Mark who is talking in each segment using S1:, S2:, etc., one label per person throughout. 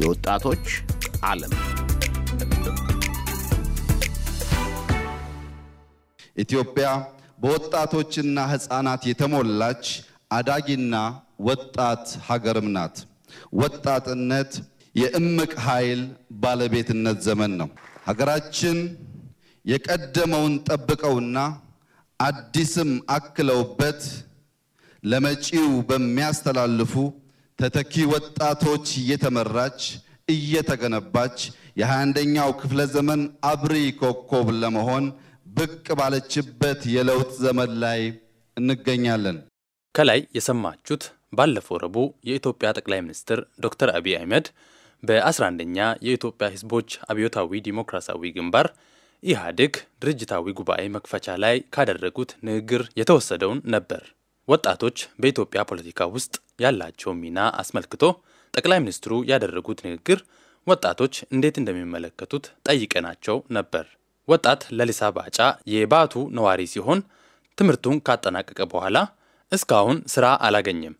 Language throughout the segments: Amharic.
S1: የወጣቶች
S2: ዓለም ኢትዮጵያ በወጣቶችና ሕፃናት የተሞላች አዳጊና ወጣት ሀገርም ናት። ወጣትነት የእምቅ ኃይል ባለቤትነት ዘመን ነው። ሀገራችን የቀደመውን ጠብቀውና አዲስም አክለውበት ለመጪው በሚያስተላልፉ ተተኪ ወጣቶች እየተመራች እየተገነባች የ21ኛው ክፍለ ዘመን አብሪ ኮከብ ለመሆን ብቅ ባለችበት የለውጥ ዘመን ላይ እንገኛለን። ከላይ የሰማችሁት
S3: ባለፈው ረቡዕ የኢትዮጵያ ጠቅላይ ሚኒስትር ዶክተር አብይ አህመድ በ11ኛ የኢትዮጵያ ሕዝቦች አብዮታዊ ዲሞክራሲያዊ ግንባር ኢህአዴግ ድርጅታዊ ጉባኤ መክፈቻ ላይ ካደረጉት ንግግር የተወሰደውን ነበር። ወጣቶች በኢትዮጵያ ፖለቲካ ውስጥ ያላቸው ሚና አስመልክቶ ጠቅላይ ሚኒስትሩ ያደረጉት ንግግር ወጣቶች እንዴት እንደሚመለከቱት ጠይቀናቸው ነበር። ወጣት ለሊሳ ባጫ የባቱ ነዋሪ ሲሆን ትምህርቱን ካጠናቀቀ በኋላ እስካሁን ስራ አላገኘም።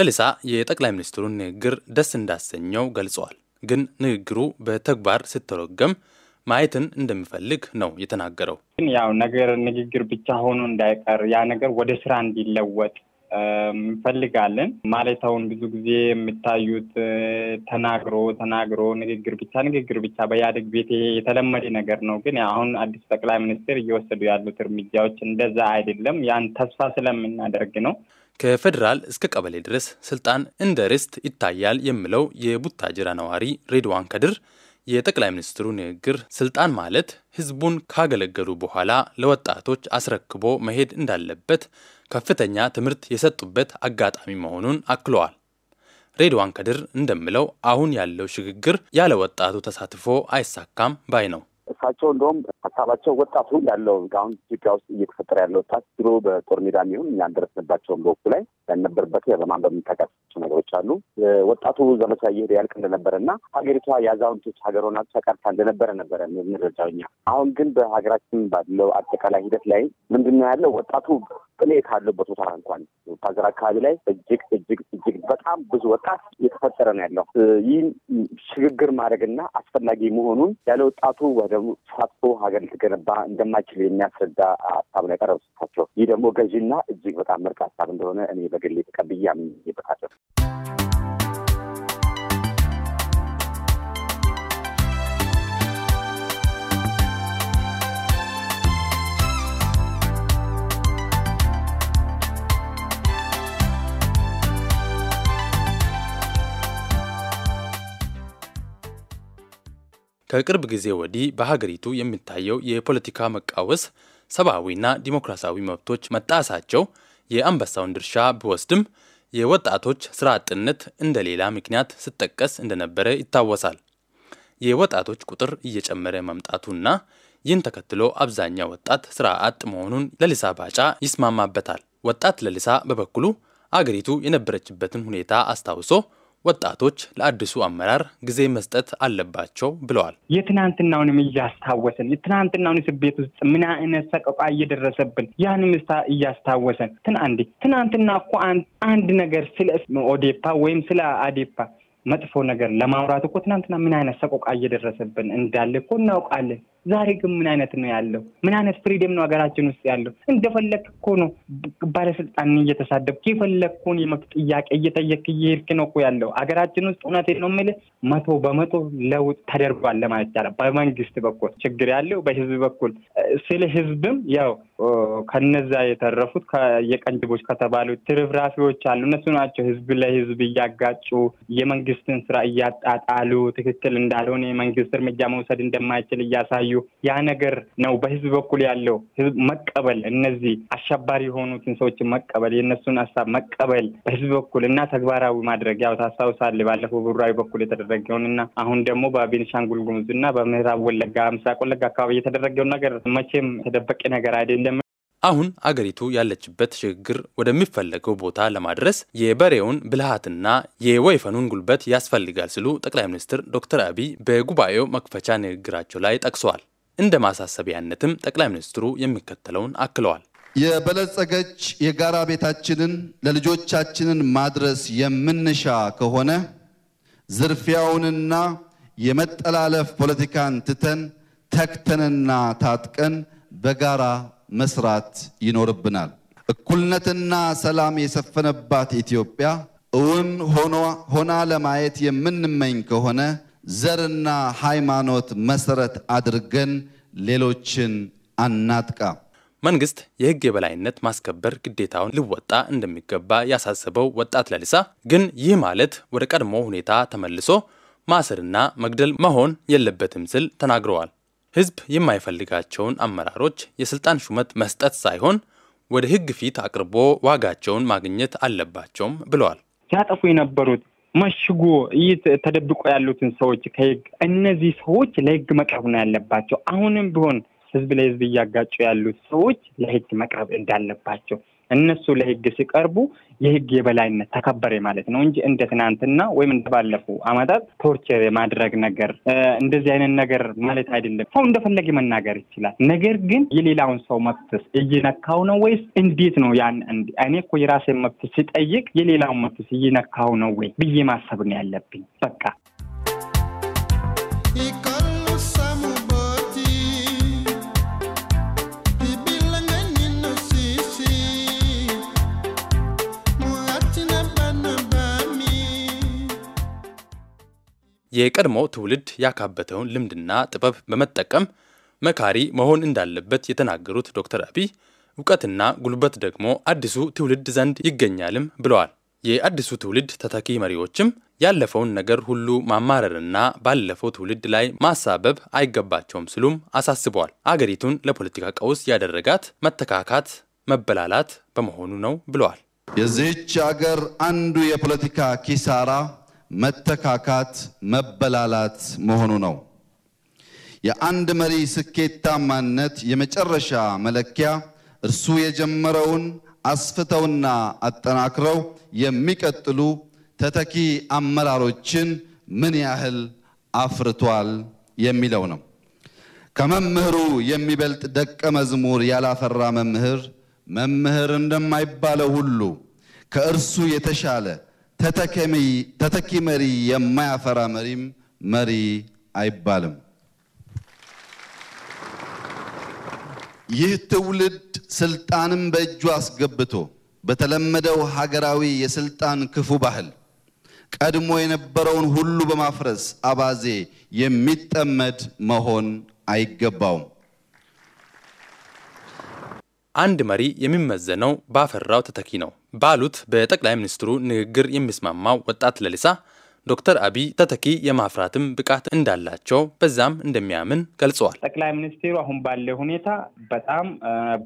S3: ለሊሳ የጠቅላይ ሚኒስትሩን ንግግር ደስ እንዳሰኘው ገልጸዋል። ግን ንግግሩ በተግባር ስትረገም ማየትን እንደሚፈልግ ነው የተናገረው።
S4: ያው ነገር ንግግር ብቻ ሆኖ እንዳይቀር ያ ነገር ወደ ስራ እንዲለወጥ እንፈልጋለን። ማለት አሁን ብዙ ጊዜ የምታዩት ተናግሮ ተናግሮ ንግግር ብቻ ንግግር ብቻ በኢህአዴግ ቤት የተለመደ ነገር ነው። ግን አሁን አዲስ ጠቅላይ ሚኒስትር እየወሰዱ ያሉት እርምጃዎች እንደዛ አይደለም። ያን ተስፋ ስለምናደርግ ነው።
S3: ከፌዴራል እስከ ቀበሌ ድረስ ስልጣን እንደ ርስት ይታያል የሚለው የቡታጅራ ነዋሪ ሬድዋን ከድር የጠቅላይ ሚኒስትሩ ንግግር ስልጣን ማለት ህዝቡን ካገለገሉ በኋላ ለወጣቶች አስረክቦ መሄድ እንዳለበት ከፍተኛ ትምህርት የሰጡበት አጋጣሚ መሆኑን አክለዋል። ሬድዋን ከድር እንደምለው አሁን ያለው ሽግግር ያለ ወጣቱ ተሳትፎ አይሳካም ባይ ነው።
S1: እሳቸው እንደውም ሀሳባቸው ወጣቱ ያለው አሁን ኢትዮጵያ ውስጥ እየተፈጠረ ያለው ወጣት ድሮ በጦር ሜዳ የሚሆን እኛ እንደረስንባቸውን በወቅቱ ላይ ያልነበርበት በማንበብ የምታውቃቸው ነገሮች አሉ። ወጣቱ ዘመቻ እየሄደ ያልቅ እንደነበረ እና ሀገሪቷ የአዛውንቶች ሀገር ሆና ተቀርታ እንደነበረ ነበረ የምንረዳው እኛ። አሁን ግን በሀገራችን ባለው አጠቃላይ ሂደት ላይ ምንድነው ያለው ወጣቱ እኔ ካለበት ቦታ እንኳን ሀገር አካባቢ ላይ እጅግ እጅግ እጅግ በጣም ብዙ ወጣት እየተፈጠረ ነው ያለው። ይህን ሽግግር ማድረግና አስፈላጊ መሆኑን ያለ ወጣቱ ወደ ሳቶ ሀገር ልትገነባ እንደማይችል የሚያስረዳ ሀሳብ ነው ሳቸው። ይህ ደግሞ ገዢና እጅግ በጣም ምርጥ ሀሳብ እንደሆነ እኔ በግሌ ተቀብዬ አምኜበታለሁ።
S3: ከቅርብ ጊዜ ወዲህ በሀገሪቱ የሚታየው የፖለቲካ መቃወስ፣ ሰብአዊና ዲሞክራሲያዊ መብቶች መጣሳቸው የአንበሳውን ድርሻ ቢወስድም የወጣቶች ስራ አጥነት እንደ ሌላ ምክንያት ስጠቀስ እንደነበረ ይታወሳል። የወጣቶች ቁጥር እየጨመረ መምጣቱና ይህን ተከትሎ አብዛኛው ወጣት ስራ አጥ መሆኑን ለሊሳ ባጫ ይስማማበታል። ወጣት ለሊሳ በበኩሉ አገሪቱ የነበረችበትን ሁኔታ አስታውሶ ወጣቶች ለአዲሱ አመራር ጊዜ መስጠት አለባቸው ብለዋል።
S4: የትናንትናውንም እያስታወሰን የትናንትናውን እስር ቤት ውስጥ ምን አይነት ሰቀቋ እየደረሰብን ያን ምስታ እያስታወሰን ትናንዴ ትናንትና እኮ አንድ ነገር ስለ ኦዴፓ ወይም ስለ አዴፓ መጥፎ ነገር ለማውራት እኮ ትናንትና ምን አይነት ሰቆቃ እየደረሰብን እንዳለ እኮ እናውቃለን። ዛሬ ግን ምን አይነት ነው ያለው? ምን አይነት ፍሪደም ነው ሀገራችን ውስጥ ያለው? እንደፈለግ እኮ ነው ባለስልጣን እየተሳደብክ የፈለግኩን የመብት ጥያቄ እየጠየክ እየሄድክ ነው እኮ ያለው ሀገራችን ውስጥ። እውነት ነው የምልህ መቶ በመቶ ለውጥ ተደርጓል ለማለት ይቻላል። በመንግስት በኩል ችግር ያለው በህዝብ በኩል ስለ ህዝብም ያው ከነዛ የተረፉት የቀንጅቦች ከተባሉ ትርፍራፊዎች አሉ። እነሱ ናቸው ህዝብ ለህዝብ እያጋጩ የመንግስትን ስራ እያጣጣሉ ትክክል እንዳልሆነ የመንግስት እርምጃ መውሰድ እንደማይችል እያሳዩ ካዩ ያ ነገር ነው በህዝብ በኩል ያለው ህዝብ መቀበል፣ እነዚህ አሸባሪ የሆኑትን ሰዎችን መቀበል፣ የእነሱን ሀሳብ መቀበል በህዝብ በኩል እና ተግባራዊ ማድረግ ያው ታስታውሳለህ፣ ባለፈው ብሩራዊ በኩል የተደረገውን እና አሁን ደግሞ በቤኒሻንጉል ጉሙዝ እና በምዕራብ ወለጋ፣ ምስራቅ ወለጋ አካባቢ የተደረገውን ነገር መቼም የተደበቀ ነገር አይደለም።
S3: አሁን አገሪቱ ያለችበት ሽግግር ወደሚፈለገው ቦታ ለማድረስ የበሬውን ብልሃትና የወይፈኑን ጉልበት ያስፈልጋል ሲሉ ጠቅላይ ሚኒስትር ዶክተር አብይ በጉባኤው መክፈቻ ንግግራቸው ላይ ጠቅሰዋል። እንደ ማሳሰቢያነትም ጠቅላይ ሚኒስትሩ የሚከተለውን
S2: አክለዋል። የበለጸገች የጋራ ቤታችንን ለልጆቻችንን ማድረስ የምንሻ ከሆነ ዝርፊያውንና የመጠላለፍ ፖለቲካን ትተን ተክተንና ታጥቀን በጋራ መስራት ይኖርብናል። እኩልነትና ሰላም የሰፈነባት ኢትዮጵያ እውን ሆና ለማየት የምንመኝ ከሆነ ዘርና ሃይማኖት መሰረት አድርገን ሌሎችን አናጥቃ። መንግስት
S3: የህግ የበላይነት ማስከበር ግዴታውን ሊወጣ እንደሚገባ ያሳሰበው ወጣት ለሊሳ ግን ይህ ማለት ወደ ቀድሞ ሁኔታ ተመልሶ ማሰርና መግደል መሆን የለበትም ስል ተናግረዋል። ህዝብ የማይፈልጋቸውን አመራሮች የስልጣን ሹመት መስጠት ሳይሆን ወደ ህግ ፊት አቅርቦ ዋጋቸውን ማግኘት አለባቸውም ብለዋል።
S4: ሲያጠፉ የነበሩት መሽጎ ተደብቆ ያሉትን ሰዎች ከህግ እነዚህ ሰዎች ለህግ መቅረብ ነው ያለባቸው። አሁንም ቢሆን ህዝብ ለህዝብ እያጋጩ ያሉት ሰዎች ለህግ መቅረብ እንዳለባቸው እነሱ ለህግ ሲቀርቡ የህግ የበላይነት ተከበረ ማለት ነው እንጂ እንደ ትናንትና ወይም እንደባለፉ አመታት ቶርቸር የማድረግ ነገር እንደዚህ አይነት ነገር ማለት አይደለም። ሰው እንደፈለገ መናገር ይችላል። ነገር ግን የሌላውን ሰው መብት እየነካው ነው ወይስ እንዴት ነው? ያን እኔ እኮ የራሴ መብት ሲጠይቅ የሌላውን መብት እየነካው ነው ወይ ብዬ ማሰብ ነው ያለብኝ በቃ
S3: የቀድሞ ትውልድ ያካበተውን ልምድና ጥበብ በመጠቀም መካሪ መሆን እንዳለበት የተናገሩት ዶክተር አብይ እውቀትና ጉልበት ደግሞ አዲሱ ትውልድ ዘንድ ይገኛልም ብለዋል። የአዲሱ ትውልድ ተተኪ መሪዎችም ያለፈውን ነገር ሁሉ ማማረርና ባለፈው ትውልድ ላይ ማሳበብ አይገባቸውም ሲሉም አሳስበዋል። አገሪቱን ለፖለቲካ ቀውስ ያደረጋት መተካካት፣ መበላላት በመሆኑ ነው ብለዋል።
S2: የዚህች አገር አንዱ የፖለቲካ ኪሳራ መተካካት፣ መበላላት መሆኑ ነው። የአንድ መሪ ስኬታማነት የመጨረሻ መለኪያ እርሱ የጀመረውን አስፍተውና አጠናክረው የሚቀጥሉ ተተኪ አመራሮችን ምን ያህል አፍርቷል የሚለው ነው። ከመምህሩ የሚበልጥ ደቀ መዝሙር ያላፈራ መምህር መምህር እንደማይባለው ሁሉ ከእርሱ የተሻለ ተተኪ መሪ የማያፈራ መሪም መሪ አይባልም። ይህ ትውልድ ስልጣንም በእጁ አስገብቶ በተለመደው ሀገራዊ የስልጣን ክፉ ባህል ቀድሞ የነበረውን ሁሉ በማፍረስ አባዜ የሚጠመድ መሆን አይገባውም።
S3: አንድ መሪ የሚመዘነው ባፈራው ተተኪ ነው ባሉት በጠቅላይ ሚኒስትሩ ንግግር የሚስማማው ወጣት ለሊሳ ዶክተር አብይ ተተኪ የማፍራትም ብቃት እንዳላቸው በዛም እንደሚያምን ገልጸዋል።
S4: ጠቅላይ ሚኒስትሩ አሁን ባለ ሁኔታ በጣም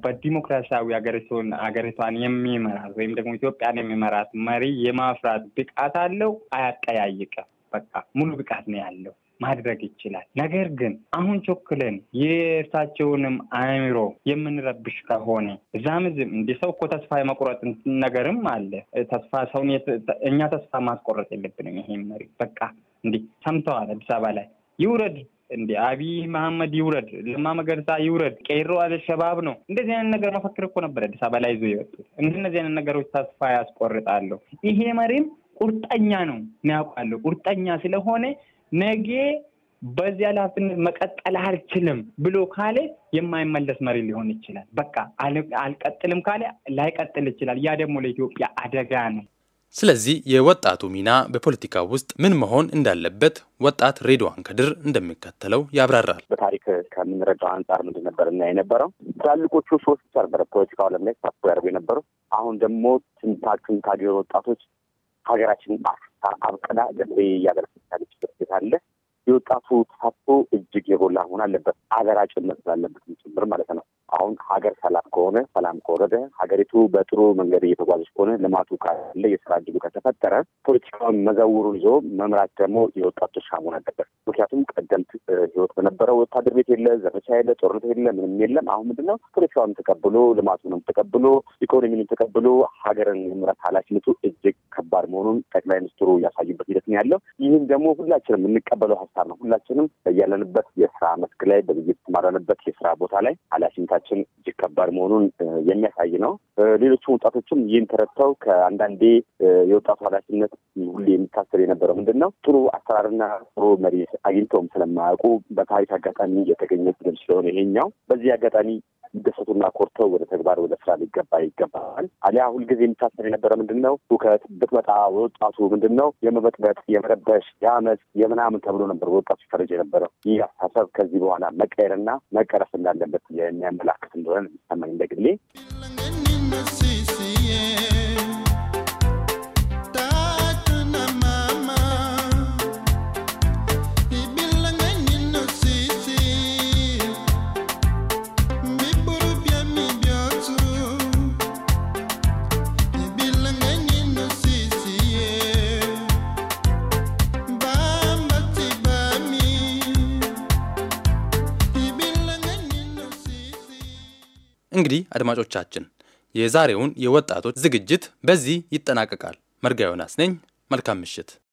S4: በዲሞክራሲያዊ ሀገሪቱን ሀገሪቷን የሚመራት ወይም ደግሞ ኢትዮጵያን የሚመራት መሪ የማፍራት ብቃት አለው። አያጠያይቅም። በቃ ሙሉ ብቃት ነው ያለው። ማድረግ ይችላል። ነገር ግን አሁን ቾክለን የእርሳቸውንም አእምሮ የምንረብሽ ከሆነ እዛም ዝም እንዲህ ሰው እኮ ተስፋ የመቁረጥ ነገርም አለ። ተስፋ ሰውን እኛ ተስፋ ማስቆረጥ የለብንም። ይሄ መሪ በቃ እንዲህ ሰምተዋል። አዲስ አበባ ላይ ይውረድ እንዲ አብይ መሐመድ ይውረድ፣ ለማ መገርሳ ይውረድ፣ ቄሮ አልሸባብ ነው። እንደዚህ አይነት ነገር መፈክር እኮ ነበር አዲስ አበባ ላይ ይዞ የወጡት። እንደነዚህ አይነት ነገሮች ተስፋ ያስቆርጣሉ። ይሄ መሪም ቁርጠኛ ነው፣ ያውቃለሁ። ቁርጠኛ ስለሆነ ነገ በዚያ ኃላፊነት መቀጠል አልችልም ብሎ ካለ የማይመለስ መሪ ሊሆን ይችላል። በቃ አልቀጥልም ካለ ላይቀጥል ይችላል። ያ ደግሞ ለኢትዮጵያ አደጋ ነው።
S3: ስለዚህ የወጣቱ ሚና በፖለቲካ ውስጥ ምን መሆን እንዳለበት ወጣት ሬድዋን ከድር እንደሚከተለው ያብራራል።
S1: በታሪክ ከምንረዳው አንጻር ምንድን ነበር እና የነበረው ትላልቆቹ ሶስት ብቻ ነበረ ፖለቲካው ዓለም ላይ ተሳትፎ ያደርጉ የነበረው። አሁን ደግሞ ትንታችን ታዲያ ወጣቶች ሀገራችን አፍታ አብቅላ ገ እያገለግታለችበት ሁኔታ የወጣቱ ተሳትፎ እጅግ የጎላ መሆን አለበት። አገራጭነት ስላለበት ጭምር ማለት ነው። አሁን ሀገር ሰላም ከሆነ ሰላም ከወረደ ሀገሪቱ በጥሩ መንገድ እየተጓዘች ከሆነ ልማቱ ካለ የስራ እድሉ ከተፈጠረ ፖለቲካውን መዘውሩን ይዞ መምራት ደግሞ የወጣቶች መሆን አለበት። ምክንያቱም ቀደምት ህይወት በነበረው ወታደር ቤት የለ፣ ዘመቻ የለ፣ ጦርነት የለ፣ ምንም የለም። አሁን ምንድነው ፖለቲካውን ተቀብሎ ልማቱንም ተቀብሎ ኢኮኖሚንም ተቀብሎ ሀገርን የምራት ኃላፊነቱ እጅግ ከባድ መሆኑን ጠቅላይ ሚኒስትሩ ያሳዩበት ሂደት ነው ያለው። ይህም ደግሞ ሁላችንም የምንቀበለው ሀሳብ ነው። ሁላችንም ያለንበት የስራ መስክ ላይ በዚህ የተማረንበት የስራ ቦታ ላይ ኃላፊነታችን ሀገራችን እጅግ ከባድ መሆኑን የሚያሳይ ነው። ሌሎቹ ወጣቶችም ይህን ተረድተው ከአንዳንዴ የወጣቱ ኃላፊነት ሁሌ የሚታሰብ የነበረው ምንድን ነው ጥሩ አሰራርና ጥሩ መሪ አግኝተውም ስለማያውቁ በታሪክ አጋጣሚ የተገኘ ፊልም ስለሆነ ይሄኛው በዚህ አጋጣሚ ደሰቱና ኮርተው ወደ ተግባር ወደ ስራ ሊገባ ይገባል። አሊያ ሁልጊዜ የሚታሰብ የነበረ ምንድን ነው ሁከት፣ ብትመጣ ወጣቱ ምንድን ነው የመበጥበጥ፣ የመረበሽ፣ የአመፅ፣ የምናምን ተብሎ ነበር ወጣቱ ፈረጅ የነበረው። ይህ አስተሳሰብ ከዚህ በኋላ መቀየርና መቀረፍ እንዳለበት የሚያመላ ክፍል እንደሆነ ሰማኝ እንደግሌ
S3: እንግዲህ አድማጮቻችን የዛሬውን የወጣቶች ዝግጅት በዚህ ይጠናቀቃል። መርጋ ዮናስ ነኝ። መልካም ምሽት።